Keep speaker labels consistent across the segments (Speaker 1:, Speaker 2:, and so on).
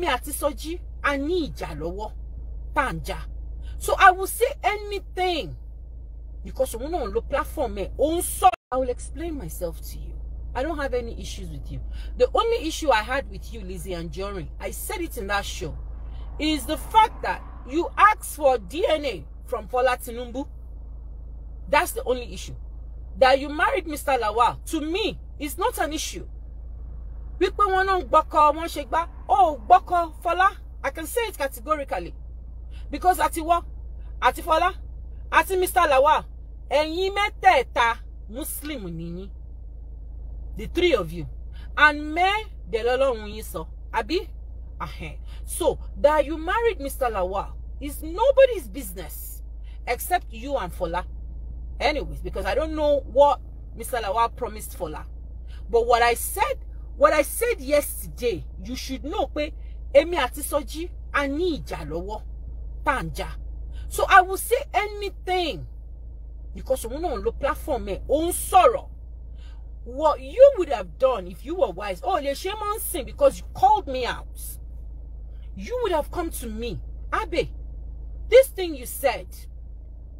Speaker 1: mi àti Sọjí a ní ìjà lọ́wọ́ tá à ń jà so I will say anything because òun náà lo platform ẹ̀ òun sọ. I will explain myself to you. I don't have any issues with you. The only issue I had with you, Lizzie and Jorin, I said it in that show, is the fact that you asked for DNA from Fola Tinubu. That's the only issue. That you married Mr. Lawal, to me, is not an issue. Wípé wọn náà ń wọn ṣe gbá Oh, gbọ́kọ Fola. I can say it categorically because ati wa, ati Fola, ati Mr. Lawa, ẹ̀yin meteta Muslim nìyí the three of you and me, mẹ́ẹ̀dẹ̀ lọ́lọ́run yín abi, àbí so that you married Mr. Lawa is nobody's business except you and Fola anyways because I don't know what Mr. Lawa promised Fola but what I said what I said yesterday you should know pé èmi àti Sọjí a ní ìjà lọ́wọ́ so I will say anything because òun on the platform ẹ̀ own sorrow. what you would have done if you were wise oh lè shame on sìn because you called me out you would have come to me Abe this thing you said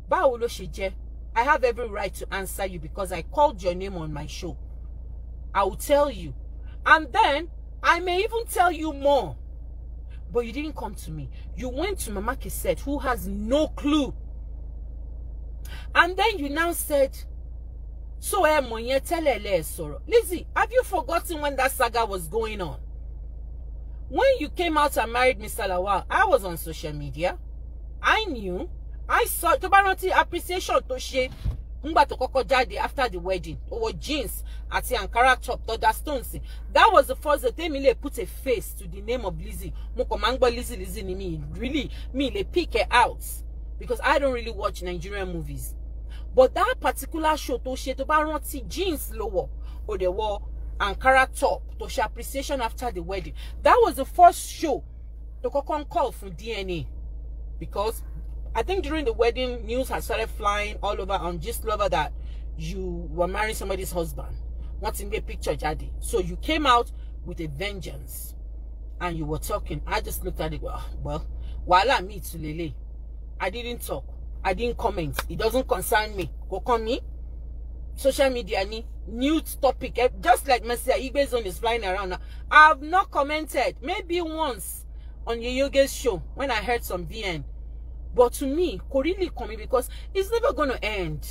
Speaker 1: ba ulo ṣe I have every right to answer you because I called your name on my show I will tell you and then I may even tell you more. But you didn't come to me. You went to Mama Kisset, who has no clue. And then you now said, so Emoye tell sorrow. Lizzie, have you forgotten when that saga was going on? When you came out and married Mr. Lawal, I was on social media. I knew. I saw Tobaranti appreciation to share ńgbà tó kọ́kọ́ jáde after the wedding ó wọ jeans àti ankara top tọ́da stones that was the first day tèmi lè put a face to the name of Lizzie mo kàn máa ń gbọ́ Lizzie Lizzie ni mi really mi le pick her out because I don't really watch Nigerian movies but that particular show tó ṣe tó bá rántí jeans ló wọ̀ ó dẹ̀ wọ ankara top to ṣe appreciation after the wedding that was the first show to kọ́kọ́ ń call fún DNA because I think during the wedding, news had started flying all over on just Lover that you were marrying somebody's husband. What's in a picture, Jadi? So you came out with a vengeance and you were talking. I just looked at it. Well, well wala me to Lele. I didn't talk. I didn't comment. It doesn't concern me. Go call me. Social media ni new topic. Eh, just like messiah. Igbe's on is flying around now. I've not commented. Maybe once on Yoyoge's show when I heard some VN. But to me, Corinne, coming because it's never gonna end.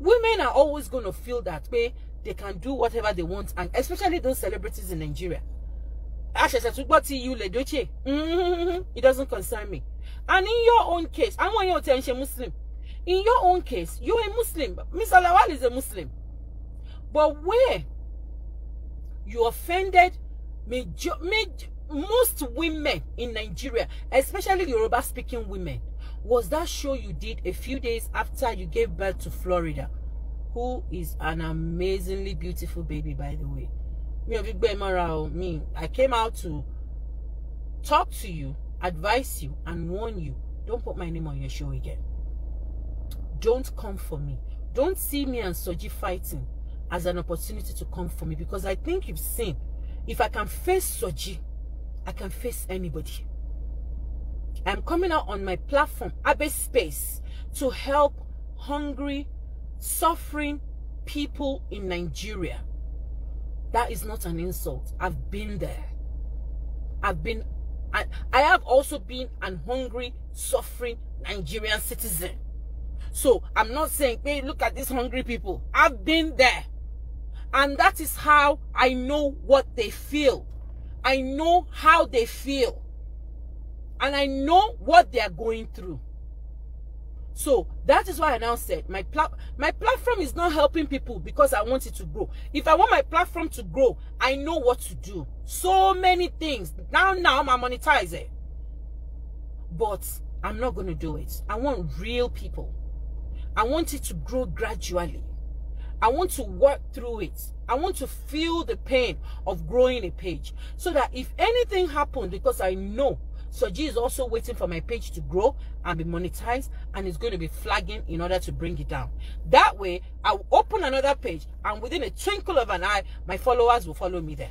Speaker 1: Women are always gonna feel that way. They can do whatever they want, and especially those celebrities in Nigeria. Àṣẹ̀ṣẹ̀ you mm-hmm. It doesn't concern me. And in your own case, I want your attention, Muslim. In your own case, you're a Muslim. Miss Alawal is a Muslim. But where you offended major, major, most women in Nigeria, especially Yoruba speaking women, was that show you did a few days after you gave birth to Florida, who is an amazingly beautiful baby, by the way. Me, I came out to talk to you, advise you, and warn you. Don't put my name on your show again. Don't come for me. Don't see me and Soji fighting as an opportunity to come for me because I think you've seen if I can face Soji, I can face anybody. I'm coming out on my platform, Abespace, Space, to help hungry, suffering people in Nigeria. That is not an insult. I've been there. I've been, I, I have also been an hungry, suffering Nigerian citizen. So I'm not saying, hey, look at these hungry people. I've been there. And that is how I know what they feel. I know how they feel. And I know what they are going through. So that is why I now said my pla my platform is not helping people because I want it to grow. If I want my platform to grow, I know what to do. So many things. Now now I'm monetizing, But I'm not going to do it. I want real people. I want it to grow gradually. I want to work through it. I want to feel the pain of growing a page so that if anything happened because I know so G is also waiting for my page to grow and be monetized and it's going to be flagging in order to bring it down. That way, I will open another page and within a twinkle of an eye, my followers will follow me there.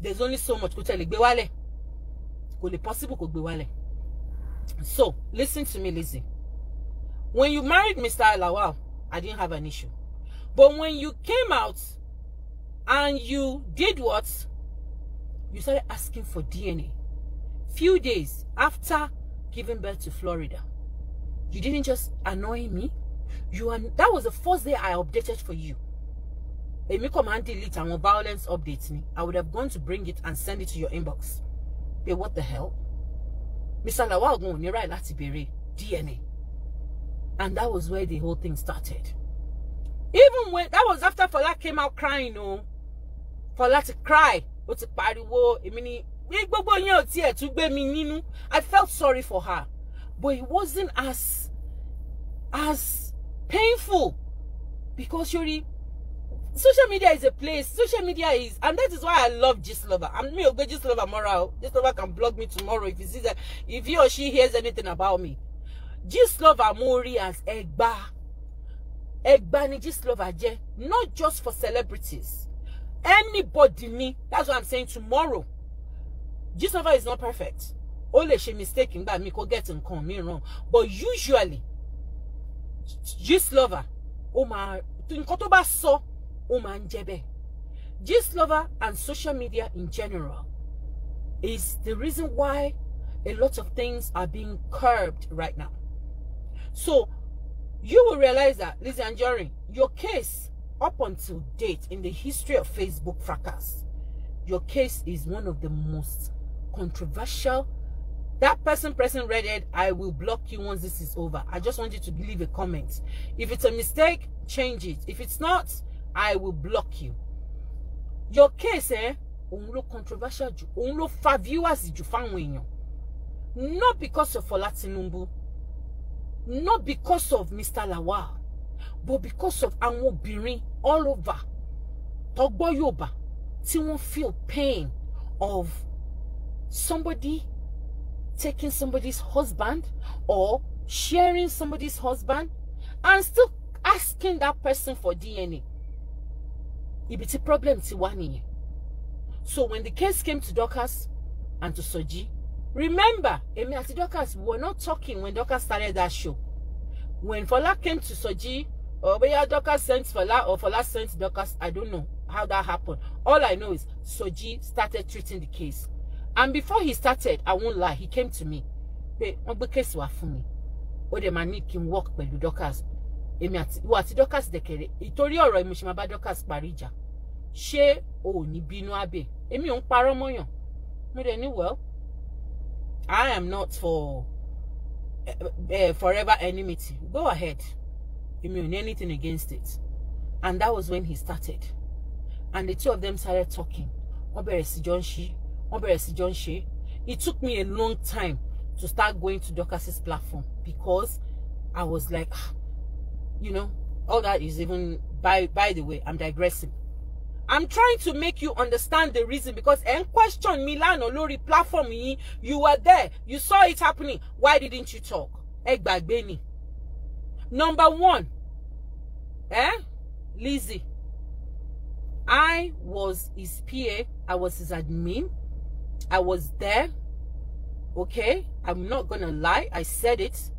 Speaker 1: There's only so much. Kò tẹ̀lé wálẹ̀. possible wálẹ̀. So, listen to me, Lizzie. When you married Mr. Lawal, I didn't have an issue. But when you came out and you did what? You started asking for DNA few days after giving birth to Florida, you didn't just annoy me. You and that was the first day I updated for you. If me come and delete and violence updates me, I would have gone to bring it and send it to your inbox. But what the hell? Mr. Lawal You're right láti DNA. And that was where the whole thing started. Even when that was after Fola came out crying, oh. Fola to cry. Ó ti war? I mean? ní gbogbo yẹn nínú I felt sorry for her but it wasn't as as painful because Shuri, social media is a place social media is and that is why I love Gistlover I'm me ò gbé lover mọ́ra o lover can block me tomorrow if he sees that if he or she hears anything about me Gistlover lover, rí as ẹgbà ẹgbà ni lover, jẹ́ not just for celebrities anybody me. that's what I'm saying tomorrow Jisova is not perfect Only she mistaken, mistake me mi kó get nǹkan mi wrong but usually Gistlover ó máa nǹkan tó sọ and social media in general is the reason why a lot of things are being curbed right now so you will realize that and Jerry, your case up until date in the history of Facebook fracas your case is one of the most controversial, that person pressing red head, I will block you once this is over. I just want you to leave a comment. If it's a mistake, change it. If it's not, I will block you. Your case, eh? Unlo controversial Unlo five viewers. You found jù fáwọn Not because of Ọlá not because of Mr. Lawal, but because of àwọn Biri all over. Tọgbọ́ Yoba. tí wọ́n feel pain of somebody taking somebody's husband or sharing somebody's husband and still asking that person for DNA. It be tí problem to one year. So when the case came to Dorcas and to Soji, remember, Èmi àti Dorcas we were not talking when Dorcas started that show. When Fola came to Soji, or whether Dorcas sent Fola or Fola sent Dorcas, I don't know how that happened. All I know is Soji started treating the case and before he started i won't lie he came to me pé wọ́n gbé wa wá fún mi ó dẹ̀ máa ní kí n work pẹ̀lú Dorcas èmi àti ìwọ àti Dorcas dẹ̀kẹ̀rẹ̀ ìtorí ọ̀rọ̀ mi ṣe máa ma Dorcas doctors ìjà ṣé o ni ní bínú abẹ èmi ò ń parọ́ mọ́yàn mo dẹ̀ ni well i am not for uh, uh, forever enmity go ahead èmi ò ní anything against it and that was when he started and the two of them started talking wọ́n bẹ̀rẹ̀ sí jọ ń ṣí it took me a long time to start going to Dorcas's platform because I was like ah, you know all that is even by by the way I'm digressing I'm trying to make you understand the reason because and question Milan or lórí platform me, you were there you saw it happening why didn't you talk ẹ gbàgbé number one eh Lizzie I was his PA I was his admin I was there. Okay? I'm not going to lie. I said it.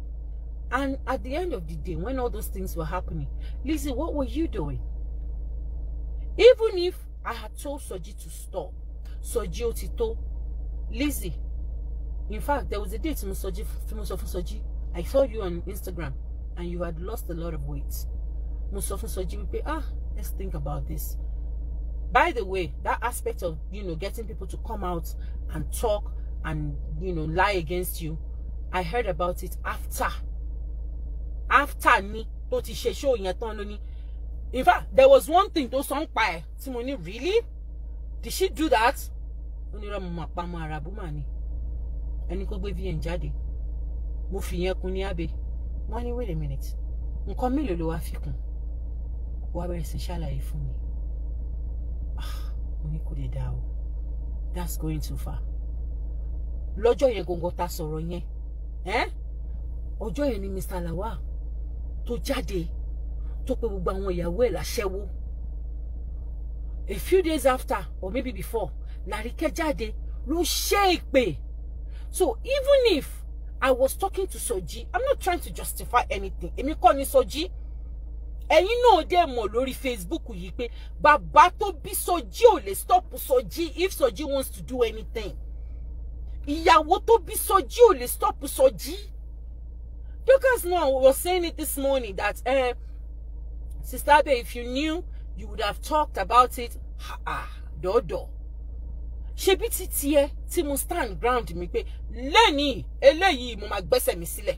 Speaker 1: And at the end of the day, when all those things were happening, Lizzie, what were you doing? Even if I had told Soji to stop, Soji Otito, Lizzie, in fact, there was a day to Soji, Soji, I saw you on Instagram and you had lost a lot of weight. Musofu Soji would be, ah, let's think about this. by the way that aspect of you know getting people to come out and talk and you know lie against you i heard about it after after ni tó ti ṣe show yẹn tán lóní in fact there was one thing tó sọ ń pa ẹ tí mo ní really did she do that ó ní rọmọ àpamọ arabu mà ni ẹni kó gbé vn jáde mo fi yẹn kún ní abẹ wọn ní wait a minute nǹkan mélòó ló wá fi kún wàá bẹ̀rẹ̀ sí ṣàlàyé fún mi that's going too far lọ́jọ́ yẹn gbọ̀ngàn ta sọ̀rọ̀ yẹn ọjọ́ yẹn ni Mr. Lawal tó jáde tó pe gbogbo àwọn ìyàwó ẹ̀ láṣẹ́wó a few days after or maybe before Larike jáde ló ṣe ìpè so even if I was talking to Soji I'm not trying to justify anything èmi kọ́ ni Soji ẹ̀yin náà dẹ̀ mọ̀ lórí Facebook yìí pé bàbá tó bí Sọjí ò lè stop Sọjí if Sọjí wants to do anything ìyàwó tó bí Sọjí ò lè stop Sọjí Dorcas now was saying it this morning that uh, Sister Abe if you knew you would have talked about it Ah, ha dọ́dọ̀ ṣebí títí ẹ tí mo stand ground mi pé lẹ́nìí eléyìí mo máa gbẹ́sẹ̀ mi sílẹ̀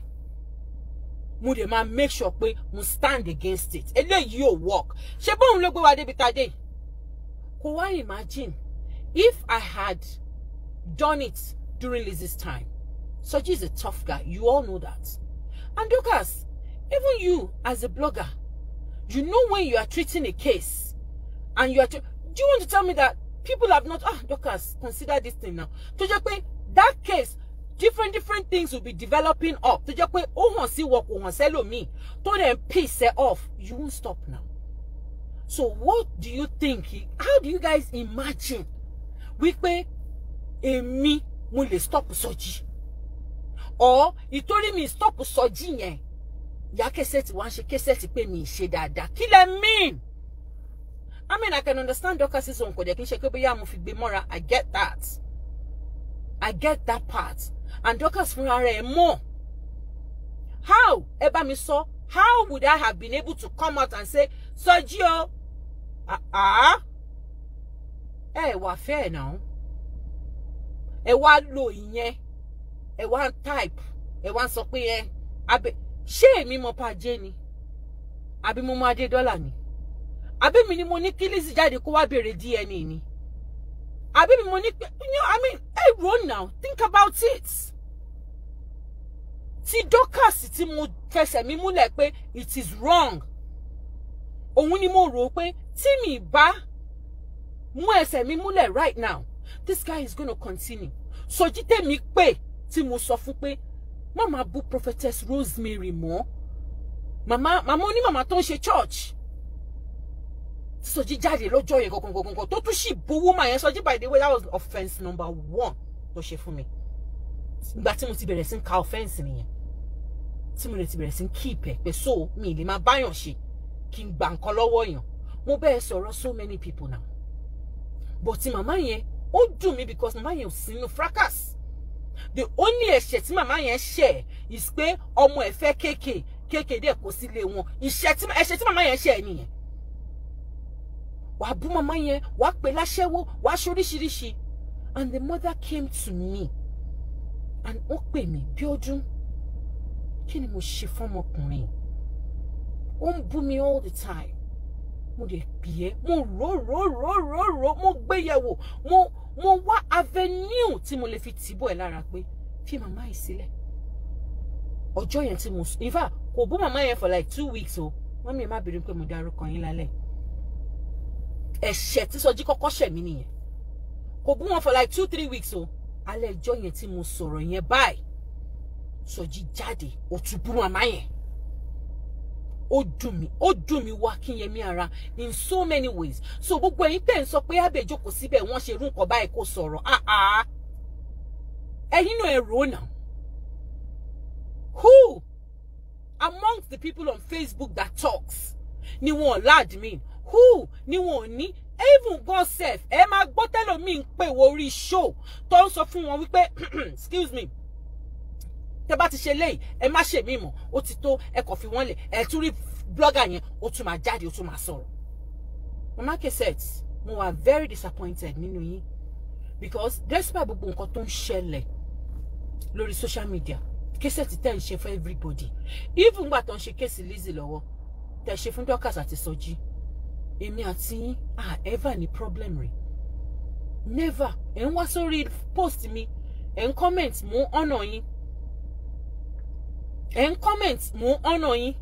Speaker 1: mo dẹ̀ máa make sure pé mo stand against it eléyìí ò work ṣé bóun ló gbé wa débi tá dé kò wá imagine if I had done it during Lizzie's time Soji is a tough guy you all know that and Dorcas even you as a blogger you know when you are treating a case and you are do you want to tell me that people have not ah Dorcas consider this thing now To jẹ́ pé that case different different things will be developing up tó jẹ́ pé ó hàn sí wọ kò hàn sẹ́lòmíì tó dẹ̀ ń piss ẹ off you won't stop now so what do you think how do you guys imagine wípé èmi mo lè stop Sọjí or ìtorí me stop Sọjí yẹn Ya kẹsẹ̀tì wá ń ṣe kẹsẹ̀tì pé mi ì dada. dáadáa kí mean I mean I can understand Dorcas' own kò dẹ̀ kí n ṣe pé mo fi gbé mọ́ra I get that I get that part and Dorcas fúnra rẹ̀ mọ̀ how ẹ bá how would I have been able to come out and say Sọjí o ah, eh, fẹ́ fair now? ẹ wá lo ìyẹn ẹ wá type ẹ wá sọ pé ẹ abẹ ṣé èmi mọ pàjé ni àbí mo mọ adé ni àbí mi ni mo ní kílísì jáde kó wá béèrè DNA ni I mi mo you know I mean hey ro now think about it See, Dorcas tí mo fẹsẹ̀ mi múlẹ̀ pé it is wrong òun ni mo rope pé tí mi bá mú ẹsẹ̀ mi right now this guy is gonna continue Sọjí tèmi pé tí mo sọ pe. Mama bu prophetess Rosemary mo. Mama, màmá onímàmá tó ń ṣe church Sọjí jáde lọ́jọ́ yẹn gọ̀gọ̀gọ̀gọ̀ tó tún sì bowó mà yẹn Sọjí by the way that was offence number one ló ṣe fún mi ìgbà tí mo ti bẹ̀rẹ̀ sí ń ka offence nìyẹn tí mo lè ti bẹ̀rẹ̀ sí keep ẹ̀ pé so mi lè máa báyàn ṣe kí n gba nǹkan lọ́wọ́ èèyàn mo bẹ́ẹ̀ sọ̀rọ̀ so many people now but màmá yẹn ó dùn mí because màmá yẹn ò sínú fracas the only ẹ̀ṣẹ̀ tí màmá yẹn ṣẹ̀ is pé ọmọ ẹ̀ fẹ́ kéèké kéèké dẹ̀ kó sílé wọn ìṣẹ̀ tí màmá yẹn ṣẹ̀ nìyẹn wàá bú màmá yẹn wàá pè láṣẹ́wó wàá ṣoríṣiríṣi and the mother came to me and ó pè mí bí ọdún kí ni mo ṣe fọmọkùnrin ó ń bú mi all the time mo lè pè é mo rò rò rò rò rò mo gbé yẹ̀wò mo mo wá avenue tí mo lè fi tìbọ̀ ẹ̀ lára pé fi mama yìí sílẹ̀ ọjọ́ yẹn tí mo in fact kò bú màmá yẹn for like two weeks o wọ́n mi má bèrè pé mo dárúkọ yín lálẹ́ yìí ẹ̀ṣẹ̀ tí Sọjí kọ́kọ́ ṣẹ̀ mí nìyẹn kò bú wọn for like two three weeks o alẹ́ ìjọ yẹn tí mo sọ̀rọ̀ yẹn báyìí Sọjí jáde ó tún bú màmá yẹn ó dùn mí ó dùn mí wá kí yẹn mí ara in so many ways so gbogbo ẹ̀yin tẹ̀ ń sọ pé Abbey jókòó síbẹ̀ wọ́n ṣe irú nǹkan báyìí kò sọ̀rọ̀ ah, ah. ẹ̀yin náà ẹ̀ rò who among the people on Facebook that talks ni wọn láàdì mí who ni wọn ò ní even God self ẹ máa gbọ́ tẹ́lòmíì ń pè wọ orí show tó ń sọ fún wọn wípé excuse me tẹ bá ti ṣe léyìí ẹ má ṣe mí mọ́ ó ti tó ẹ kàn fi wọ́n lẹ̀ ẹ tún rí blogger yẹn ó tún máa jáde ó tún máa sọ̀rọ̀ mama Cassette mo wà very disappointed nínú yín because despite gbogbo nǹkan tó ń ṣẹlẹ̀ lórí social media Cassette tẹ̀ ń ṣe for everybody even gbà tó ń ṣe kéèsì Lizzy lọ́wọ́ tẹ̀ ṣe fún Dorcas àti Sọjí. So èmi àti yín à ever ní problem rẹ̀ never ẹ̀ ń wá sórí post mi ẹ̀ ń comment mò ń ọ̀nà yín ẹ̀ ń comment mò ọ̀nà yín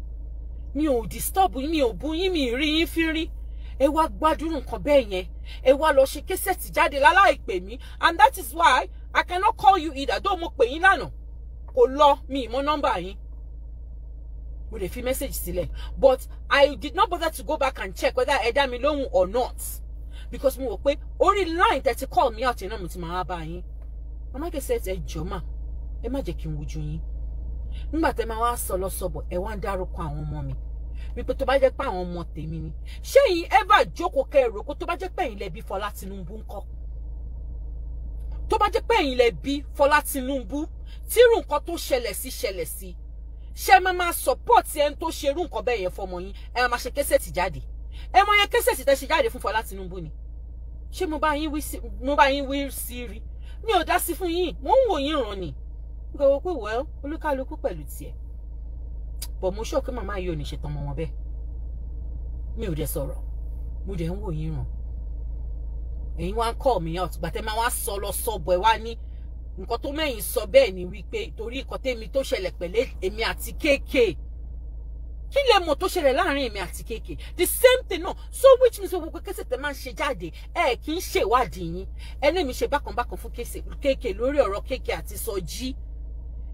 Speaker 1: mi ò disturb yín mi ò bú yín mi ì rí yín fi rí ẹ wá gbádùn nǹkan bẹ́ẹ̀ yẹn ẹ wá lọ ṣe késẹ̀tì jáde láláì mí and that is why I cannot call you either though mo pè yín lánàá kò lọ mi ìmọ̀ nọ́mbà yín mo lè fi message sílẹ̀ but I did not bother to go back and check whether ẹ dá mi lóhùn or not because mo wò pé orí line that ti call me out yẹn náà mo ti máa bá yín mama kẹsẹ̀ ẹ jọ mà ẹ má jẹ́ kí n wojú yín nígbà tẹ́ máa wá sọ lọ sọ̀bọ̀ ẹ wá ń dárúkọ àwọn ọmọ mi wípé tó bá jẹ́ pé àwọn ọmọ tèmi ni ṣé yín ever jókòó kẹrò kó tó bá jẹ́ pé ẹ̀yin lẹ bí Fọlá Tinubu ńkọ́ tó bá jẹ́ pé ẹ̀yin lẹ bí Fọlá Tinubu tírù nǹkan tó ṣẹlẹ̀ sí ṣẹlẹ̀ ṣe máa máa support ẹni tó ṣerú nǹkan bẹ́ẹ̀ yẹn fọmọ yín ẹ máa ṣe kẹ́sẹ̀tì jáde ẹ mọ yẹn kẹ́sẹ̀tì tẹ́ ṣe jáde fún Fọlá Tinubu ni ṣé mo bá yín wí sí rí mi ò dá sí fún yín mo ń wò yín ràn ni gbogbo pé wẹ́ẹ́ olúkálukú pẹ̀lú tiẹ̀ bọ̀ mo ṣọ́ọ̀kì màmá yìí ò ní ṣetán ọmọ wọn bẹ́ẹ̀ mi ò dẹ̀ sọ̀rọ̀ mo dẹ̀ ń wò yín ràn èyí wá ń kọ́ mi out gbàtẹ́ máa wá sọ lọ sọ bọ̀ ẹ̀ wá ní nǹkan tó mẹ́yìn sọ bẹ́ẹ̀ ni wípé torí nǹkan tẹ́mi tó ṣẹlẹ̀ pẹ̀lẹ́ èmi àti kéèké kí lè mọ̀ tó ṣẹlẹ̀ láàrin èmi àti kéèké the same thing náà no. so which means gbogbo kéèké tẹ máa ń ṣe jáde ẹ kì í ṣèwádìí yín ẹni mi ṣe bákanbákan fún kéèké lórí ọ̀rọ̀ kéèké àti sọjí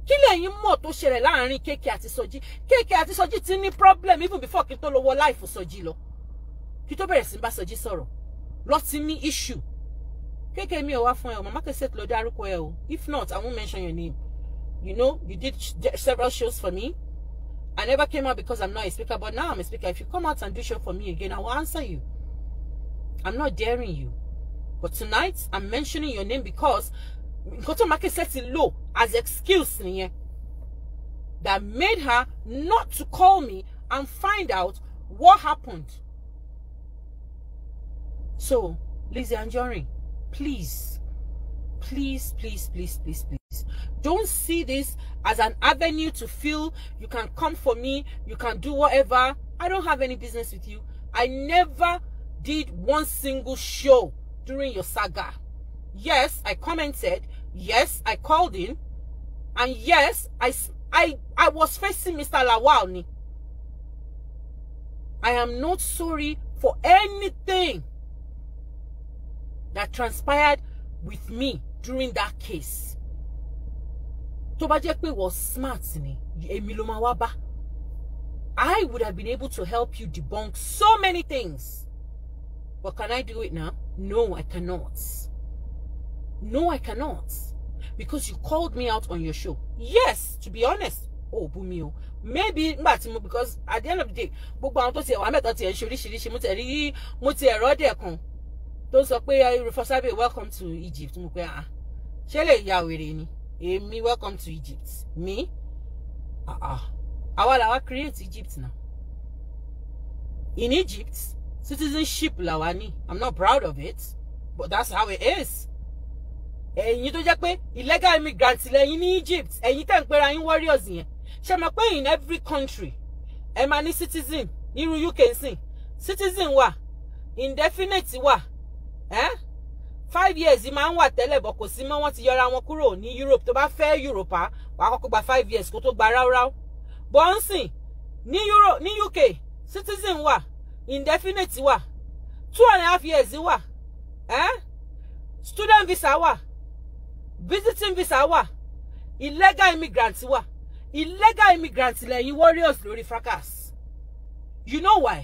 Speaker 1: kí lẹ́yìn mọ̀ tó ṣẹlẹ̀ láàrin kéèké àti sọjí kéèké àti sọjí ti ní problem even before kí n tó lọ wọ láìfò sọjí lọ kí tó bẹ̀rẹ̀ sí bá sọjí sọ̀rọ̀ lọ ti ní issue kéèké mi ò wá fún ẹ o mama Cassette ló dárúkọ well." if not i won't mention your name you know you did several shows for me i never came out because i'm not a speaker but now i'm a speaker if you come out and do show for me again i will answer you i'm not daring you but tonight i'm mentioning your name because nǹkan tó said, ti lò as excuse that made her not to call me and find out what happened so Lizzy Jory please please please please please please don't see this as an avenue to feel you can come for me you can do whatever i don't have any business with you i never did one single show during your saga yes i commented yes i called in and yes i i i was facing mr lawalni i am not sorry for anything that transpired with me during that case tó bá jẹ́ smart ni èmi I would have been able to help you debunk so many things but can I do it now? No, I cannot. No, I cannot. Because you called me out on your show. Yes, to be honest. Oh, Bumio. Maybe, because at the end of the day, gbogbo àwọn tó ti ẹ̀wà mẹ́ta ti ẹ̀ ṣe oríṣiríṣi mo ti ẹ̀rí mo ti ẹ̀rọ dẹ̀ kan. tó sọ pé Rufus Abẹ́ welcome to Egypt mo pé ah ṣé lè ya wèrè ni èmi welcome to Egypt mi ah, ah. àwa làwa create Egypt náà in Egypt citizenship làwa ní I'm not proud of it but that's how it is ẹ̀yin tó jẹ́ pé illegal immigrant lẹ́yìn ní Egypt ẹ̀yin tẹ̀ ń pera yín warriors yẹn ṣe mọ̀ pé in every country ẹ máa ní citizen nírú UK sìn citizen wà indefinite wà Eh? five years máa ń wà tẹ́lẹ̀ bọ̀ kò sí mọ́ wọ́n ti yọra wọn kúrò ní Europe tó bá fẹ́ Europa ah, wàá kọ́kọ́ gba five years kó tó gba ráúráú bọ́ǹsìn ní Euro ní UK citizen wà indefinite wà two and a half years wà eh? student visa wà visiting visa wà illegal immigrant wà illegal immigrant lẹ́yìn warriors lórí fracas you know why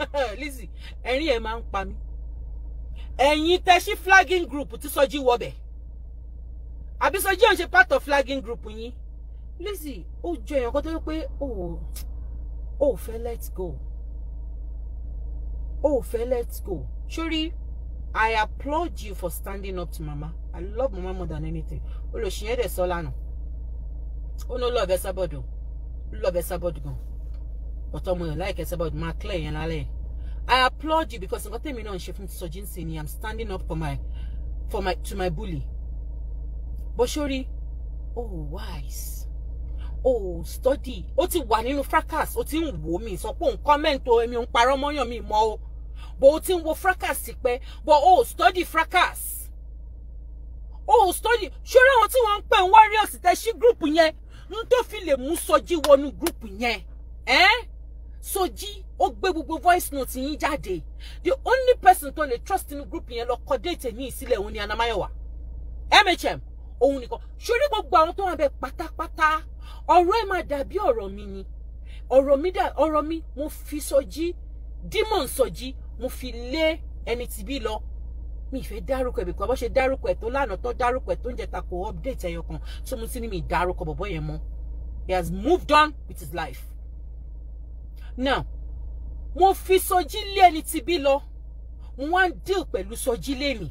Speaker 1: Lizzie ẹ̀rín ẹ̀ máa ń pa mí ẹ̀yin tẹ́sí flagging group tí Sọjí wọbẹ̀ àbí Sọjí ò ń ṣe part of flagging group yín Lizzy ó jọ èèyàn kan tó yẹ pé ó ò fẹ́ let go ó ò fẹ́ let go sórí I applaud you for standing up to mama I love mama more than anything olùsìyẹn dẹ̀ sọ lánàá ó ní olóòbẹ sábọ̀dù olóòbẹ sábọ̀dù gan ọ̀tọ̀ ọmọ yẹn láìkẹ́ sábọ̀dù máa clear yẹn lálẹ́ yẹn I applaud you because nǹkan tèmi náà ń ṣe fún Soji nsin ni I'm standing up for my for my to my bully. But surely, oh wise oh study ó ti wà nínú fracas ó ti ń wò mí sọ pé comment o èmi òun parọ́ mi mọ́ but bó ti wo fracas pé bó o study fracas Oh study ṣọ́ra àwọn tí wọ́n ń pè ń warriors tẹ̀sí group yẹn ń tó fi lè mú group yẹn Eh? Soji ó gbé gbogbo voice note yín jáde the only person tó lè trust inú group yẹn lọ kọ déètì ní ìsílẹ̀ òun ni Anamayowa MHM òun nìkan ṣorí gbogbo àwọn tó wà bẹ pátápátá ọ̀rọ̀ ẹ̀ máa dàbí ọ̀rọ̀ mi ni ọ̀rọ̀ mi dà ọ̀rọ̀ mi mo fi Soji dímọ̀n Soji mo fi lé ẹni tí bí lọ mi ìfẹ́ dárúkọ ẹ̀ bìkọ́ bó ṣe dárúkọ ẹ̀ tó lánàá tó dárúkọ ẹ̀ tó ń jẹta kò update ẹyọ tó mo ti ní mi dárúkọ bọ̀bọ̀ yẹn mọ́ he has moved on with his life now mo fi Sọjí lé ẹni tí bí lọ mo wá ń deal pẹ̀lú Sọjí lé mi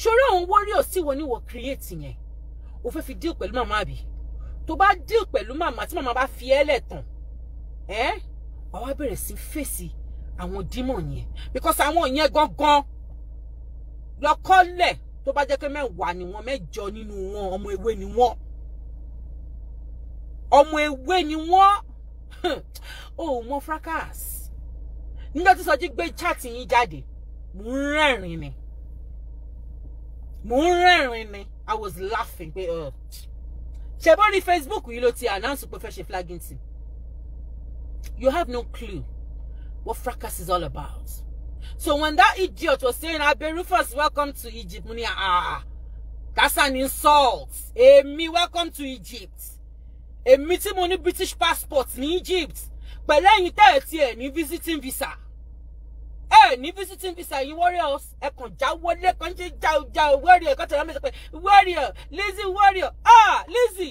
Speaker 1: ṣòro àwọn warriors tí wọ́n ní wọ́n create yẹn o fẹ́ fi deal pẹ̀lú màmá àbí tó bá deal pẹ̀lú màmá tí màmá bá fi ẹ́ lẹ̀ tán ẹ́ wàá wá bẹ̀rẹ̀ sí fèsì àwọn dímọ̀ yẹn because àwọn yẹn gangan lọ́kọ́lẹ̀ tó bá jẹ́ pé mẹ́wàá ni wọ́n mẹ́jọ nínú wọn ọmọ ewé ni wọ́n ọmọ ewé ni wọ́n o ò mọ fracas nígbà tí Sọjí gbé chaati yín jáde mò ń rẹ́rìn ni mò ń rẹ́rìn ni i was laughing pé ṣe bó ní Facebook yìí ló ti announce pé fẹ́ ṣe flagging team you have no clue what fracas is all about so when that idiot was saying Abe welcome to Egypt mo ní ah that's an insult èmi welcome to Egypt èmi tí mo ní British passport ní Egypt pẹ̀lú ẹ̀yin tẹ́ ẹ̀ tiẹ̀ ní visiting visa ẹ ní visiting visa yìí warriors ẹ kàn já wọlé kan ṣe já já warrior kan tẹ̀lé ọmọ ìsọpẹ́ warrior Lizzy warrior ah Lizzy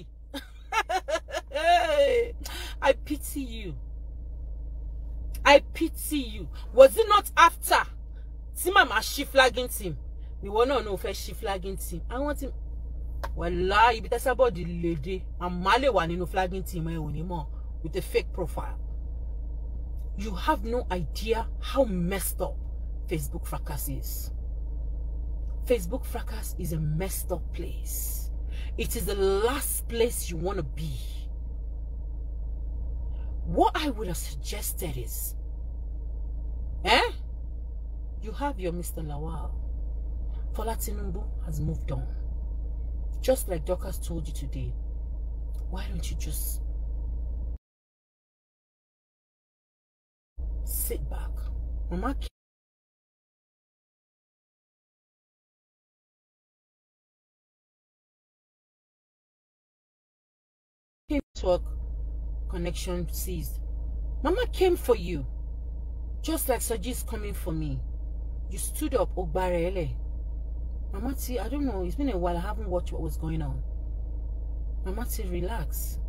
Speaker 1: I pity you I pity you was it not after tí màmá ṣí flagging team ìwọ náà náà fẹ́ ṣí flagging team want him. wàláhì about the lady dé male one in nínú flagging team ẹ̀ ò with a fake profile you have no idea how messed up Facebook fracas is. Facebook fracas is a messed up place. It is the last place you want to be. What I would have suggested is, eh? You have your Mr. Lawal. Fola Tinubu has moved on. Just like Dorcas told you today, why don't you just sit back? Mama came talk. connection seized. Mama came for you. Just like Sadi's coming for me. You stood up, Ogbarele. Mama T, I don't know. It's been a while. I haven't watched what was going on. Mama T, relax.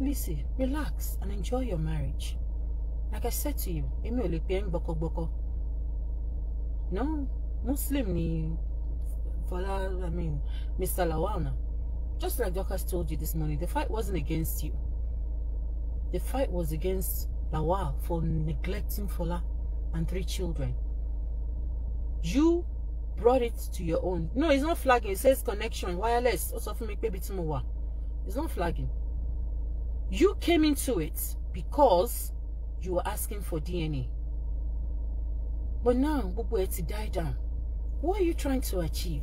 Speaker 1: Listen, relax and enjoy your marriage. Like I said to you, èmi ò lè pè No, Muslim ni Fala, I mean, Mr. Lawana. Just like has told you this morning, the fight wasn't against you. The fight was against Lawal for neglecting Fola and three children. You brought it to your own no it's not flagging it says connection wireless Also, sọ fún mi it's not flagging you came into it because you were asking for DNA but now we're to die down what are you trying to achieve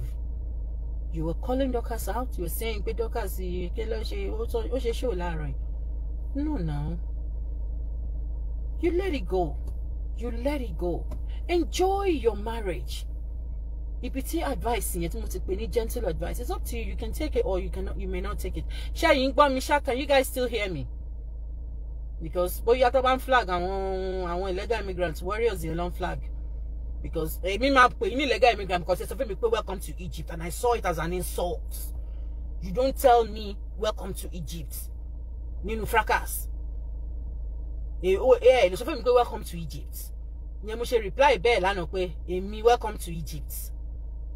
Speaker 1: you were calling doctors out you were saying pé doctors, you ló ṣe show ṣe ṣó no now you let it go you let it go enjoy your marriage ibi tí advice yẹn tí mo ti pè ní gentle advice it's up to you you can take it or you cannot you may not take it ṣé ẹ̀yin gbọ́ mi ṣá can you guys still hear me because bóyá tó bá ń flag àwọn àwọn illegal immigrants warriors yẹn ló ń flag because èmi máa pè ní illegal immigrant because ẹ sọ fún mi pé welcome to Egypt and I saw it as an insult you don't tell me welcome to Egypt nínú fracas ẹ ẹ lè sọ fún mi pé welcome to Egypt yẹn mo ṣe reply bẹ́ẹ̀ lánàá pé èmi welcome to Egypt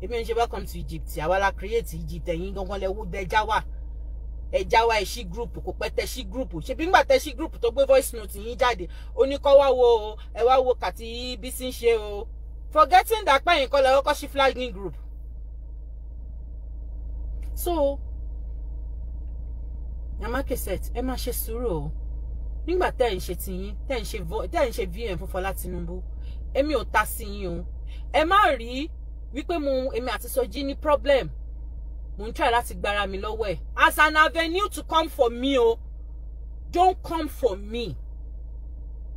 Speaker 1: èmi ń ṣe welcome to Egypt àwa la create Egypt ẹ̀yin gangan lẹ wú dẹjá wà ẹja wa ẹṣí group kò pẹ́ tẹ́ṣí group ṣebí ńgbà tẹ́ṣí group tó gbé voice note yín jáde ó ní kọ́ wá wo ẹ wá wo kàtí Bísí ń ṣe o forgetting that pẹ́yìn kọ́ lẹ kọ́kọ́ ṣí flagging group. so Nyamakesset ẹ máa ṣe sùúrù o nígbà tẹ́ ẹ̀ ń ṣe tiyín tẹ́ ẹ̀ ń ṣe vn fún Fọlá Tinubu èmi ò ta sí yín o ẹ má rí wípé mo èmi àti Sọjí ní problem mo ń try láti gbára mi lọ́wọ́ ẹ̀ as an avenue to come for me o don't come for me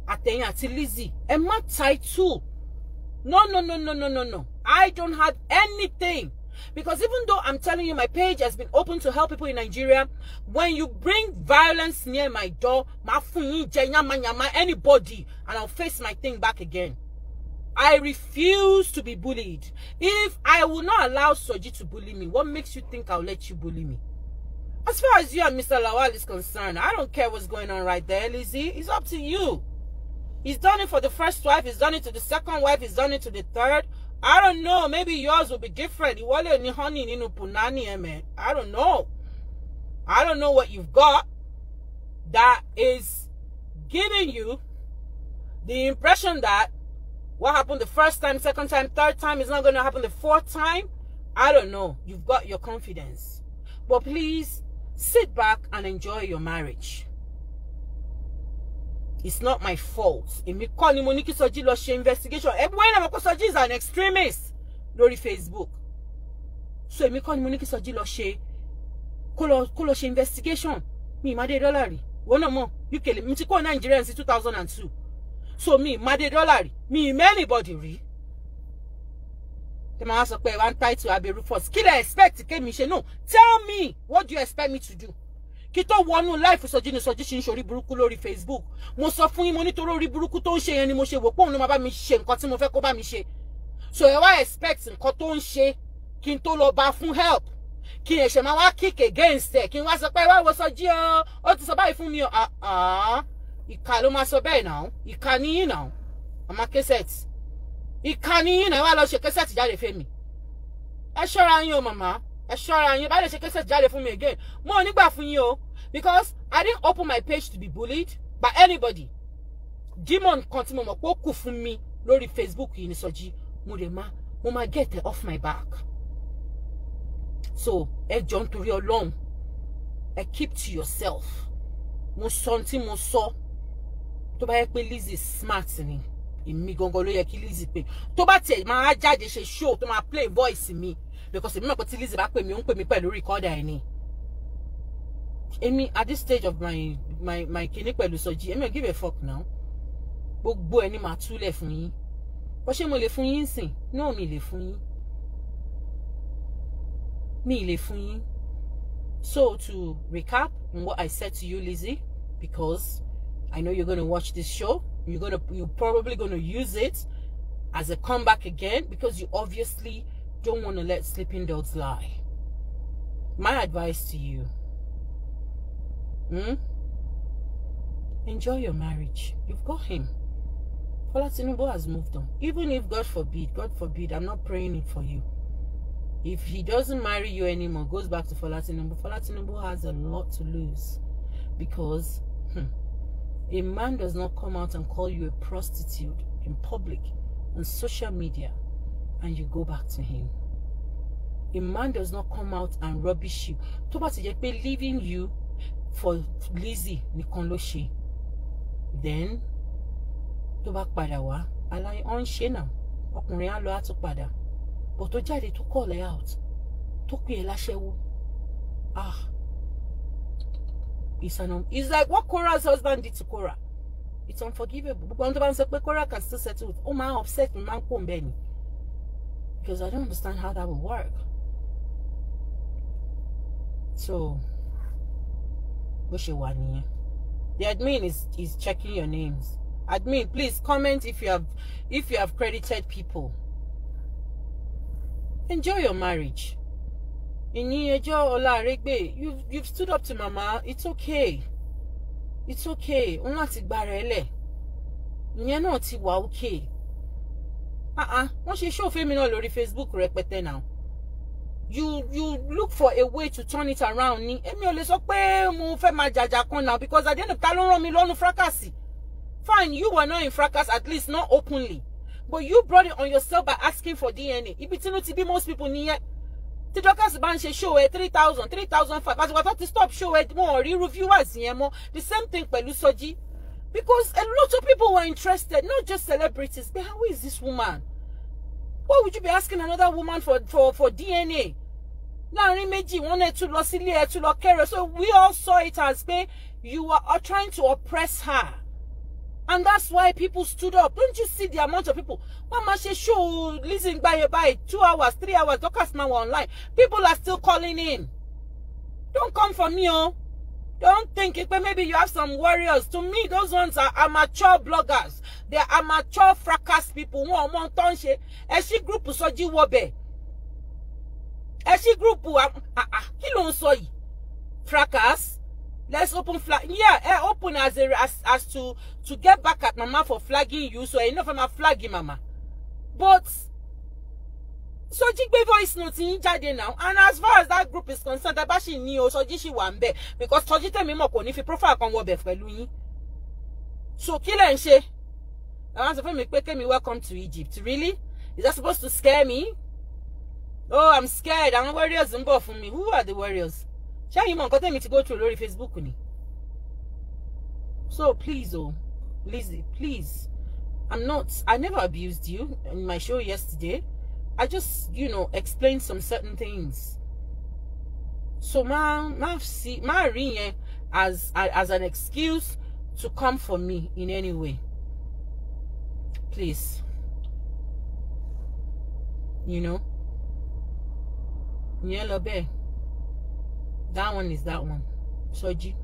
Speaker 1: àtẹ̀yìn àti Lizzie ẹ má title no no no no no no no I don't have anything because even though I'm telling you my page has been open to help people in Nigeria when you bring violence near my door ma fún yín jẹ yamayama anybody and I'll face my thing back again. I refuse to be bullied. If I will not allow Soji to bully me, what makes you think I'll let you bully me? As far as you and Mr. Lawal is concerned, I don't care what's going on right there, Lizzie. It's up to you. He's done it for the first wife. He's done it to the second wife. He's done it to the third. I don't know. Maybe yours will be different. Eh, man. I don't know. I don't know what you've got that is giving you the impression that what happened the first time, second time, third time is not going to happen the fourth time? I don't know. You've got your confidence. But please sit back and enjoy your marriage. It's not my fault. Èmi kọ́ ni mo ní kí Sọjí lọ ṣe investigation. Everyone I'm going Sọjí is an extremist lórí Facebook. So èmi kọ́ ni mo ní kí Sọjí lọ ṣe kó lọ kó lọ ṣe investigation. Mi ìmọ̀dé dọ́là rí. Wọ́n náà mọ̀ UK lè mi ti and two. so mi ìmọ̀dé dọ́là rí mi ìmọ̀ anybody rí tẹ máa sọ pé one try to have a rufus kí lẹ expect kémi ṣe no tell me what do you expect me to do kí tó wọnú life sọjí ni sọjí ṣe ń ṣorí burúkú facebook mo sọ fún yín mo nítorí orí burúkú tó ń ṣe yẹn ni mo ṣe wò pé òun ló máa bá mi ṣe nǹkan tí mo fẹ́ kó bá mi ṣe so ẹ wá expect nǹkan tó ń ṣe kí n tó lọ help kí n ẹ̀ṣẹ̀ máa wá kick against ẹ̀ kí n wá sọ pé ẹ wá wo sọjí o ó ti sọ báyìí fún mi o ah ah ìka ló máa sọ bẹ́ẹ̀ náà ìka níyìn náà ọmọ kẹsẹ̀tì ìka níyìn náà wà lọ ṣe kẹsẹ̀tì jáde fẹ́mi ẹ ṣọ́ra yín o màmá ẹ ṣọ́ra yín báyìí lè ṣe kẹsẹ̀tì jáde fún mi again mo ò ní gbà fún yín o because I didn't open my page to be bullied by anybody demon kan tí mo mọ̀ pé ó kù fún mi lórí Facebook yìí ní sọjí mo lè má mo máa get it off my back so ẹ jọ nítorí Ọlọ́run ẹ keep to yourself mo sọ ohun tí mo sọ. So, tó bá yẹ pé Lizzy smart ni èmi gangan ló yẹ kí Lizzy pè tó bá tiẹ̀ máa jáde ṣe show tó máa play voice mi because èmi mọ̀ pé tí Lizzy bá pè mí ó ń pè mí pẹ̀lú recorder ẹ̀ ni èmi at this stage of my my my kìíní pẹ̀lú Sọjí èmi ò give a fuck now gbogbo ẹ̀ ni màá túlẹ̀ fún yín bó ṣe mo lè fún yín sìn náà mi lè fún yín mi lè fún yín so to recap what I said to you Lizzy because I know you're going to watch this show. You're going to, you're probably going to use it as a comeback again because you obviously don't want to let sleeping dogs lie. My advice to you, hmm? enjoy your marriage. You've got him. Bola Tinubu has moved on. Even if, God forbid, God forbid, I'm not praying it for you. If he doesn't marry you anymore, goes back to Fola Tinubu, has a lot to lose. Because, hmm, A man does not come out and call you a prostitute in public, on social media, and you go back to him. A man does not come out and rubbish you. Tó bá ti jẹ́ leaving you for lizzie nìkan ló Then, to back padà alai aláyé ọ̀n ṣe náà, ọkùnrin á lọ to tún padà. call ẹ out, to pè é Ah! It's, an it's like what Korah's husband did to Korah. It's unforgivable. But àwọn Korah can still settle with. Oh máa upset mi máa Benny. Because I don't understand how that would work. So, what's your wà The admin is, is checking your names. Admin, please comment if you have if you have credited people. Enjoy your marriage. Inyejo Olaregbe, you've, you've stood up to Mama. It's okay. It's okay. Òun láti gbára ẹ lẹ̀. Ìyẹn náà ti wà okay. Ah ah, wọ́n ṣe show fẹ́mi náà lórí Facebook rẹpẹtẹ náà. You you look for a way to turn it around ni. Èmi ò lè sọ pé mo fẹ́ máa jàjà kan náà because at the end of ta ló rán mi lọ́nu fracasi. Fine, you were not in fracas at least not openly. But you brought it on yourself by asking for DNA. Ibi tínú ti bí most people nìyẹn tí dọ́kàsì bá ń ṣe show ẹ three thousand three thousand five àtìgbà tó ti stop show ẹ wọn rí reviewers yẹn mọ́ the same thing pẹ̀lú Sọjí because a lot of people were interested not just celebrities but how is this woman why would you be asking another woman for for for DNA láàrin méjì wọn náà tún lọ sílé ẹ tún lọ kẹrẹ so we all saw it as pé you are trying to oppress her and that's why people stood up don't you see the amount of people wọ́n máa ṣe show by gbaye by two hours three hours doctors now online people are still calling in don't come for me oh! don't think pé maybe you have some warriors to me those ones are amateur bloggers they are amateur fracas people wọn ò mọ tó ń ṣe ẹ ṣí group sọjí wọbẹ ẹ ṣí group ah, ah, ah, kí ló ń sọ yìí fracas let's open flag yeah eh, open as a as, as to to get back at mama for flagging you so enough i'm flagging mama but Sojigbe voice note yín jáde now and as far as that group is concerned tẹ́ bá ṣì ní o Soji ṣì wà ń bẹ̀ because Soji tèmi mọ̀ kò if fi prefer come work pẹ̀lú luni. so kill and she. I want to find me pé kémi welcome to Egypt really is that supposed to scare me oh i'm scared I'm warriors ń bọ̀ fún mi who are the warriors you mọ nǹkan me to go through lórí Facebook so please oh, Lizzy please I'm not I never abused you in my show yesterday I just you know explained some certain things so ma ma see ma rí as as an excuse to come for me in any way please you know yellow bear. That one is that one. Soji.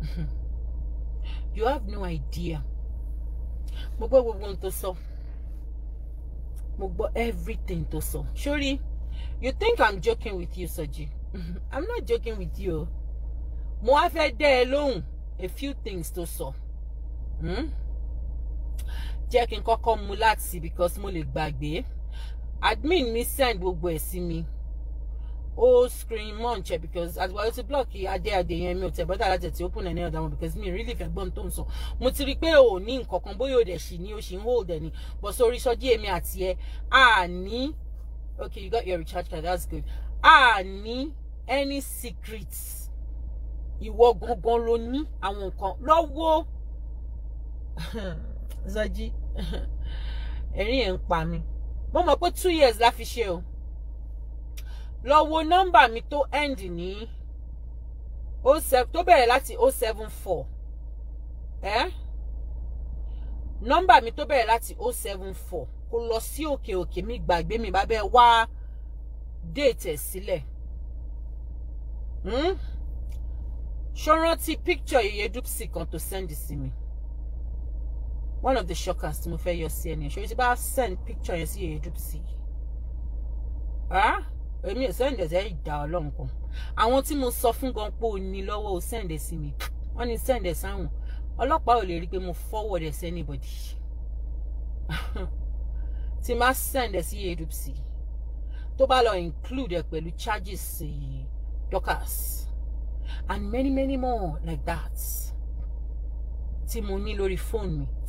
Speaker 1: you have no idea. Mo gbọ́ gbogbo ohun tó sọ. everything to so. Surely, you think I'm joking with you, Soji? I'm not joking with you. Mo wá alone. a few things to so. Hmm? Jẹ́ kí n kọ́kọ́ because mulik lè Admin mi send gbogbo ẹ̀ sí mi whole screen mọ̀ n ṣe because àti wàá ti blọọkì adé adé yẹn mi ò tẹ̀ bọ́dà láti ti open any other one because mi really fẹ́ gbọ́n tó ń sọ mo ti rí i pé ò ní nǹkan bóyá òdẹ̀ ṣì ní o ṣì ń hold ẹ̀ ni but sórí sọ́jí èmi àti ẹ̀ a ní okay you got your recharge card that's good a ní any secrets ìwọ gangan ló ní àwọn nǹkan lọ́wọ́ Sọ́jí ẹ̀rín ẹ̀ ń pa mi mo mọ̀ pé two years la fi ṣe o lọ wo nọ́mbà mi tó end ní tó bẹ̀rẹ̀ láti o seven four ẹ́ nọ́mbà mi tó bẹ̀rẹ̀ láti o seven four kó lọ sí òkè òkè mi gbàgbé mi bá bẹ́ẹ̀ wá déètì ẹ̀ sílẹ̀ hmm? ṣọ́rántí píkṣọ̀ Yeyedupsey kan tó sẹ́ndì sí mi one of the shockers tí mo fẹ́ yọ sí ẹni ṣòwò tí bá send píkṣọ̀ yẹn sí Yeyedupsey. Huh? èmi ò sẹ́ǹdẹ̀ sẹ́ ìdá ọlọ́run kan àwọn tí mo sọ fún gan pé o ní lọ́wọ́ o sẹ́ǹdẹ̀ sí mi wọ́n ní sẹ́ǹdẹ̀ sáwọn ọlọ́pàá ò lè rí i pé mo forward ẹ̀ sí anybody tí má sẹ́ǹdẹ̀ sí edupsi tó bá lọ include ẹ̀ pẹ̀lú charges eh, Dorkas and many many more like that tí mo ní lórí fóònù mi.